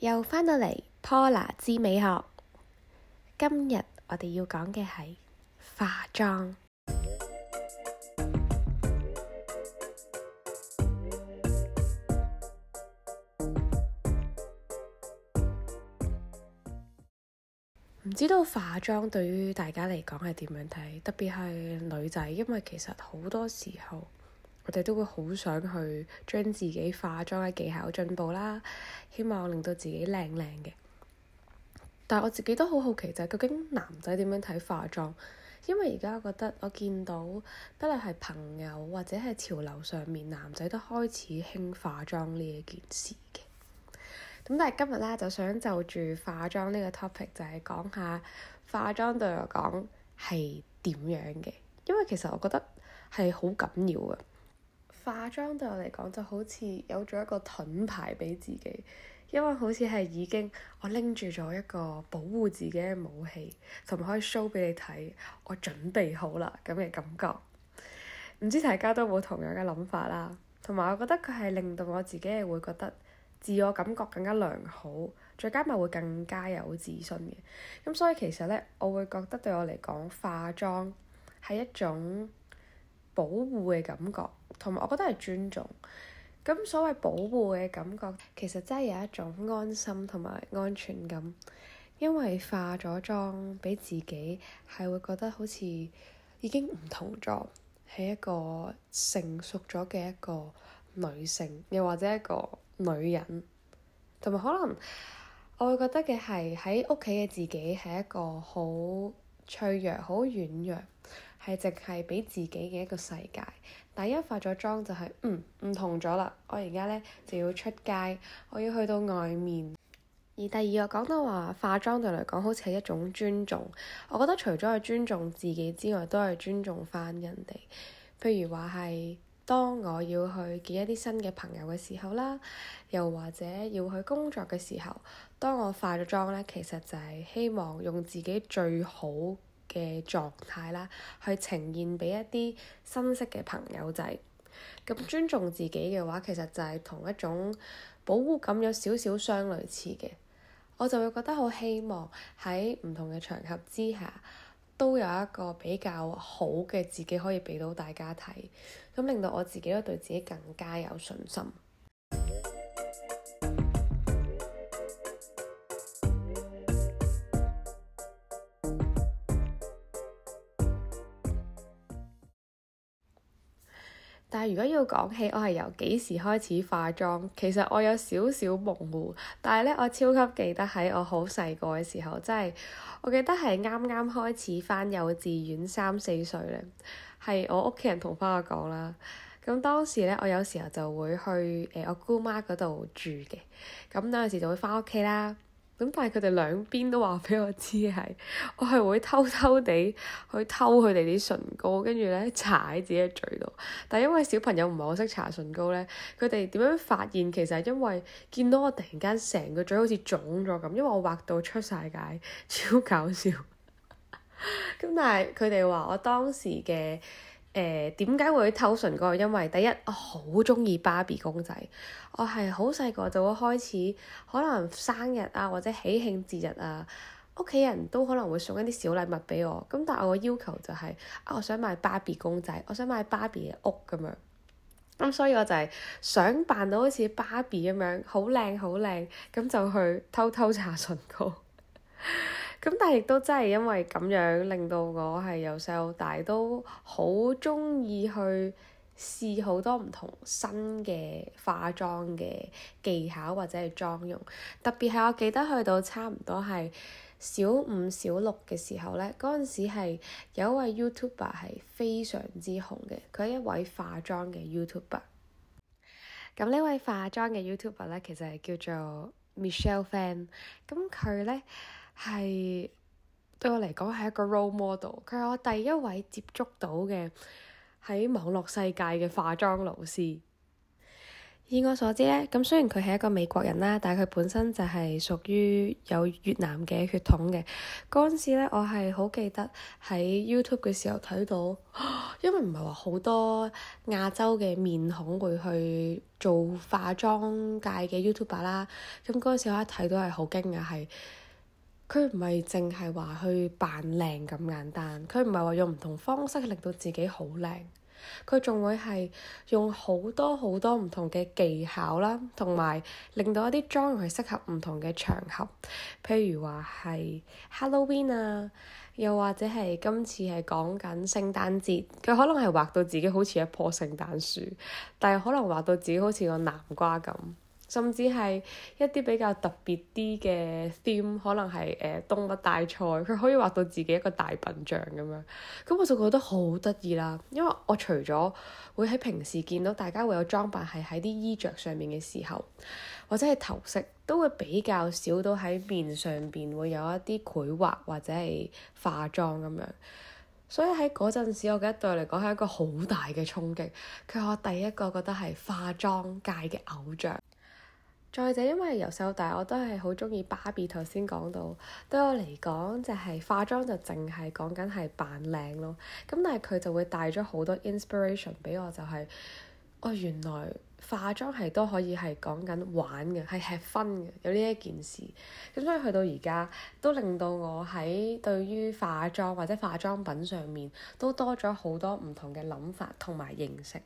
又返到嚟 Pola 之美學，今日我哋要講嘅係化妝。唔知道化妝對於大家嚟講係點樣睇，特別係女仔，因為其實好多時候。我哋都會好想去將自己化妝嘅技巧進步啦，希望令到自己靚靚嘅。但係我自己都好好奇就係究竟男仔點樣睇化妝？因為而家覺得我見到，不論係朋友或者係潮流上面，男仔都開始興化妝呢一件事嘅。咁但係今日咧就想就住化妝呢個 topic 就係講下化妝對我講係點樣嘅？因為其實我覺得係好緊要嘅。化妝對我嚟講就好似有咗一個盾牌俾自己，因為好似係已經我拎住咗一個保護自己嘅武器，同埋可以 show 俾你睇，我準備好啦咁嘅感覺。唔知大家都冇同樣嘅諗法啦，同埋我覺得佢係令到我自己會覺得自我感覺更加良好，再加埋會更加有自信嘅。咁所以其實呢，我會覺得對我嚟講化妝係一種保護嘅感覺，同埋我覺得係尊重。咁所謂保護嘅感覺，其實真係有一種安心同埋安全感。因為化咗妝俾自己，係會覺得好似已經唔同咗，係一個成熟咗嘅一個女性，又或者一個女人。同埋可能，我會覺得嘅係喺屋企嘅自己係一個好脆弱、好軟弱。係淨係俾自己嘅一個世界。第一化咗妝就係，嗯，唔同咗啦。我而家呢，就要出街，我要去到外面。而第二個講到話化妝對嚟講，好似係一種尊重。我覺得除咗去尊重自己之外，都係尊重翻人哋。譬如話係當我要去見一啲新嘅朋友嘅時候啦，又或者要去工作嘅時候，當我化咗妝呢，其實就係希望用自己最好。嘅狀態啦，去呈現俾一啲新識嘅朋友仔。咁尊重自己嘅話，其實就係同一種保護感有少少相類似嘅。我就會覺得好希望喺唔同嘅場合之下，都有一個比較好嘅自己可以俾到大家睇，咁令到我自己都對自己更加有信心。但係如果要講起我係由幾時開始化妝，其實我有少少模糊，但係咧我超級記得喺我好細個嘅時候，即係我記得係啱啱開始返幼稚園三四歲咧，係我屋企人同返我講啦。咁當時咧我有時候就會去誒、呃、我姑媽嗰度住嘅，咁有陣時就會返屋企啦。咁但係佢哋兩邊都話俾我知係，我係會偷偷地去偷佢哋啲唇膏，跟住咧搽喺自己嘅嘴度。但係因為小朋友唔係好識搽唇膏咧，佢哋點樣發現？其實係因為見到我突然間成個嘴好似腫咗咁，因為我畫到出曬界，超搞笑。咁 但係佢哋話我當時嘅。誒點解會偷唇膏？因為第一我好鍾意芭比公仔，我係好細個就會開始，可能生日啊或者喜慶節日啊，屋企人都可能會送一啲小禮物俾我，咁但係我嘅要求就係、是，啊我想買芭比公仔，我想買芭比嘅屋咁樣，咁所以我就係想扮到好似芭比咁樣，好靚好靚，咁就去偷偷搽唇膏。 咁但係亦都真係因為咁樣令到我係由細到大都好中意去試好多唔同的新嘅化妝嘅技巧或者係妝容。特別係我記得去到差唔多係小五小六嘅時候呢，嗰陣時係有一位 YouTuber 係非常之紅嘅，佢係一位化妝嘅 YouTuber。咁呢位化妝嘅 YouTuber 呢，其實係叫做 Michelle Fan。咁佢呢。係對我嚟講係一個 role model，佢係我第一位接觸到嘅喺網絡世界嘅化妝老師。以我所知呢，咁雖然佢係一個美國人啦，但係佢本身就係屬於有越南嘅血統嘅。嗰陣時呢，我係好記得喺 YouTube 嘅時候睇到，因為唔係話好多亞洲嘅面孔會去做化妝界嘅 YouTuber 啦。咁嗰陣時我一睇都係好驚訝嘅，係。佢唔係淨係話去扮靚咁簡單，佢唔係話用唔同方式令到自己好靚，佢仲會係用好多好多唔同嘅技巧啦，同埋令到一啲妝容係適合唔同嘅場合。譬如話係 Halloween 啊，又或者係今次係講緊聖誕節，佢可能係畫到自己好似一棵聖誕樹，但係可能畫到自己好似個南瓜咁。甚至係一啲比較特別啲嘅 theme，可能係誒動物大賽，佢可以畫到自己一個大笨象咁樣，咁我就覺得好得意啦。因為我除咗會喺平時見到大家會有裝扮係喺啲衣着上面嘅時候，或者係頭飾，都會比較少到喺面上邊會有一啲繪畫或者係化妝咁樣。所以喺嗰陣時，我嘅對我嚟講係一個好大嘅衝擊。佢我第一個覺得係化妝界嘅偶像。再者，因為由細到大我都係好鍾意芭比，頭先講到對我嚟講就係化妝就淨係講緊係扮靚咯。咁但係佢就會帶咗好多 inspiration 畀我，就係哦原來化妝係都可以係講緊玩嘅，係 have fun 嘅，有呢一件事。咁所以去到而家都令到我喺對於化妝或者化妝品上面都多咗好多唔同嘅諗法同埋認識。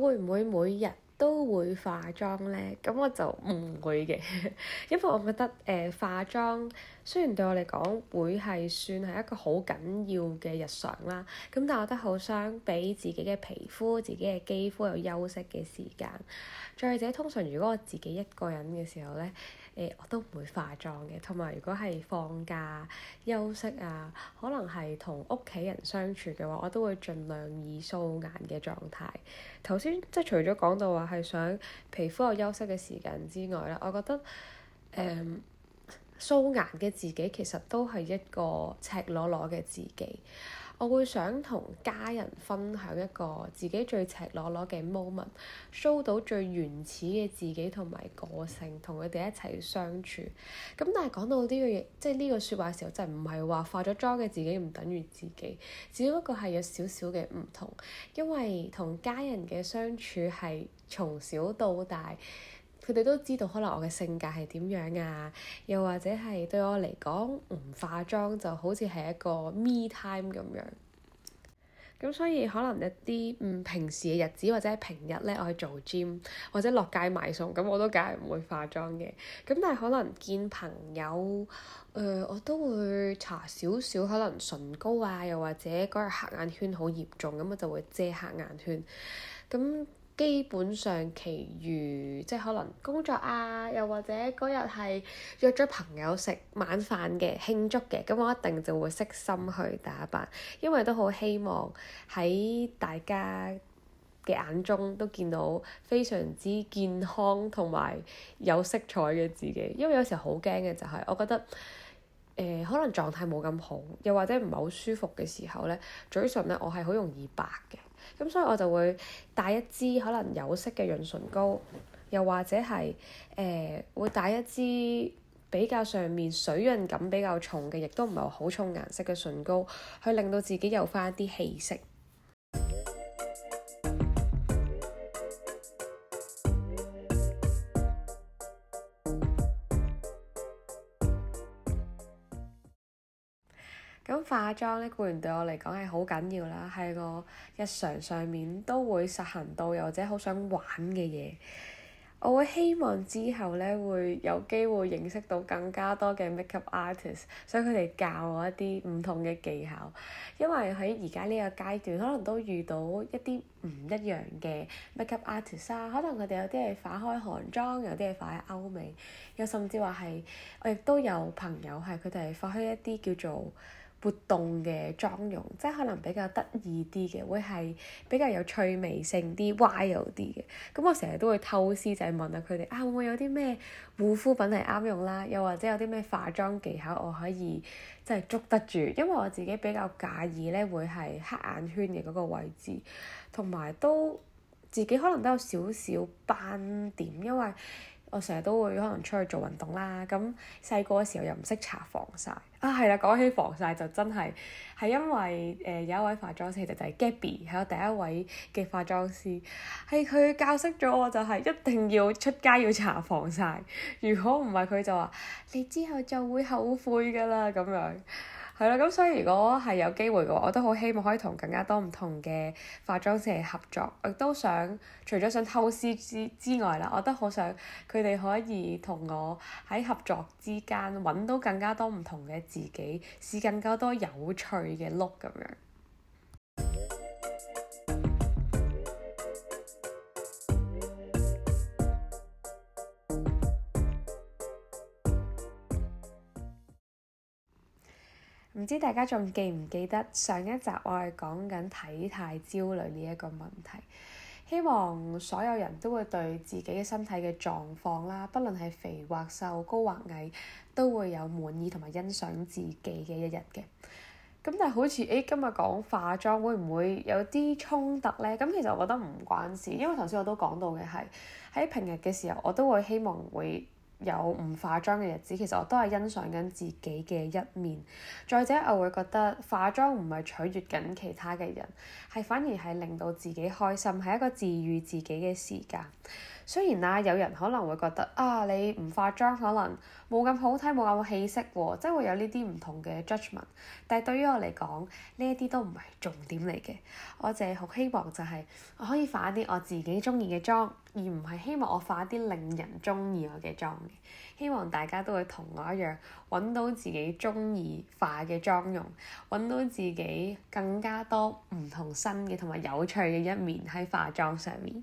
會唔會每日都會化妝呢？咁我就唔會嘅， 因為我覺得誒、呃、化妝雖然對我嚟講會係算係一個好緊要嘅日常啦，咁但我覺得好想畀自己嘅皮膚、自己嘅肌膚有休息嘅時間。再者，通常如果我自己一個人嘅時候呢。誒、欸、我都唔會化妝嘅，同埋如果係放假休息啊，可能係同屋企人相處嘅話，我都會盡量以素顏嘅狀態。頭先即係除咗講到話係想皮膚有休息嘅時間之外啦，我覺得素顏嘅自己其實都係一個赤裸裸嘅自己。我會想同家人分享一個自己最赤裸裸嘅 moment，show 到最原始嘅自己同埋個性，同佢哋一齊相處。咁但係講到呢個嘢，即係呢個説話嘅時候，就唔係話化咗妝嘅自己唔等於自己，只不過係有少少嘅唔同，因為同家人嘅相處係從小到大。佢哋都知道可能我嘅性格係點樣啊，又或者係對我嚟講唔化妝就好似係一個 me time 咁樣。咁所以可能一啲嗯，平時嘅日子或者係平日咧，我去做 gym 或者落街買餸，咁我都梗係唔會化妝嘅。咁但係可能見朋友，誒、呃、我都會搽少少可能唇膏啊，又或者嗰日黑眼圈好嚴重，咁我就會遮黑眼圈。咁基本上其，其餘即係可能工作啊，又或者嗰日係約咗朋友食晚飯嘅慶祝嘅，咁我一定就會悉心去打扮，因為都好希望喺大家嘅眼中都見到非常之健康同埋有色彩嘅自己，因為有時候好驚嘅就係我覺得誒、呃、可能狀態冇咁好，又或者唔係好舒服嘅時候咧，嘴唇咧我係好容易白嘅。咁所以我就會帶一支可能有色嘅潤唇膏，又或者係誒、呃、會帶一支比較上面水潤感比較重嘅，亦都唔係好重顏色嘅唇膏，去令到自己有翻一啲氣色。咁化妝咧，固然對我嚟講係好緊要啦，喺個日常上面都會實行到，又或者好想玩嘅嘢。我會希望之後咧會有機會認識到更加多嘅 makeup artist，想佢哋教我一啲唔同嘅技巧。因為喺而家呢個階段，可能都遇到一啲唔一樣嘅 makeup artist 啊，可能佢哋有啲係化開韓妝，有啲係化喺歐美，又甚至話係我亦都有朋友係佢哋化開一啲叫做～活動嘅妝容，即係可能比較得意啲嘅，會係比較有趣味性啲、wild 啲嘅。咁我成日都會偷師仔係問下佢哋，啊會唔會有啲咩護膚品係啱用啦？又或者有啲咩化妝技巧我可以即係捉得住，因為我自己比較介意咧，會係黑眼圈嘅嗰個位置，同埋都自己可能都有少少斑點，因為。我成日都會可能出去做運動啦，咁細個嘅時候又唔識搽防曬啊，係啦，講起防曬就真係係因為誒、呃、有一位化妝師就係 Gabby 係我第一位嘅化妝師，係佢教識咗我，就係一定要出街要搽防曬，如果唔係佢就話你之後就會後悔㗎啦咁樣。係啦，咁所以如果係有機會嘅話，我都好希望可以同更加多唔同嘅化妝師嚟合作。我都想除咗想偷師之之外啦，我都好想佢哋可以同我喺合作之間揾到更加多唔同嘅自己，試更加多有趣嘅 look 咁樣。唔知大家仲記唔記得上一集我係講緊體態焦慮呢一個問題，希望所有人都會對自己嘅身體嘅狀況啦，不論係肥或瘦、高或矮，都會有滿意同埋欣賞自己嘅一日嘅。咁但係好似誒、欸、今日講化妝，會唔會有啲衝突呢？咁其實我覺得唔關事，因為頭先我都講到嘅係喺平日嘅時候，我都會希望會。有唔化妝嘅日子，其實我都係欣賞緊自己嘅一面。再者，我會覺得化妝唔係取悅緊其他嘅人，係反而係令到自己開心，係一個治愈自己嘅時間。雖然啦，啊，有人可能會覺得啊，你唔化妝可能。冇咁好睇，冇咁氣色喎，即係會有呢啲唔同嘅 judgement。但係對於我嚟講，呢一啲都唔係重點嚟嘅。我淨係好希望就係、是、我可以化啲我自己中意嘅妝，而唔係希望我化啲令人中意我嘅妝。希望大家都會同我一樣，揾到自己中意化嘅妝容，揾到自己更加多唔同新嘅同埋有趣嘅一面喺化妝上面。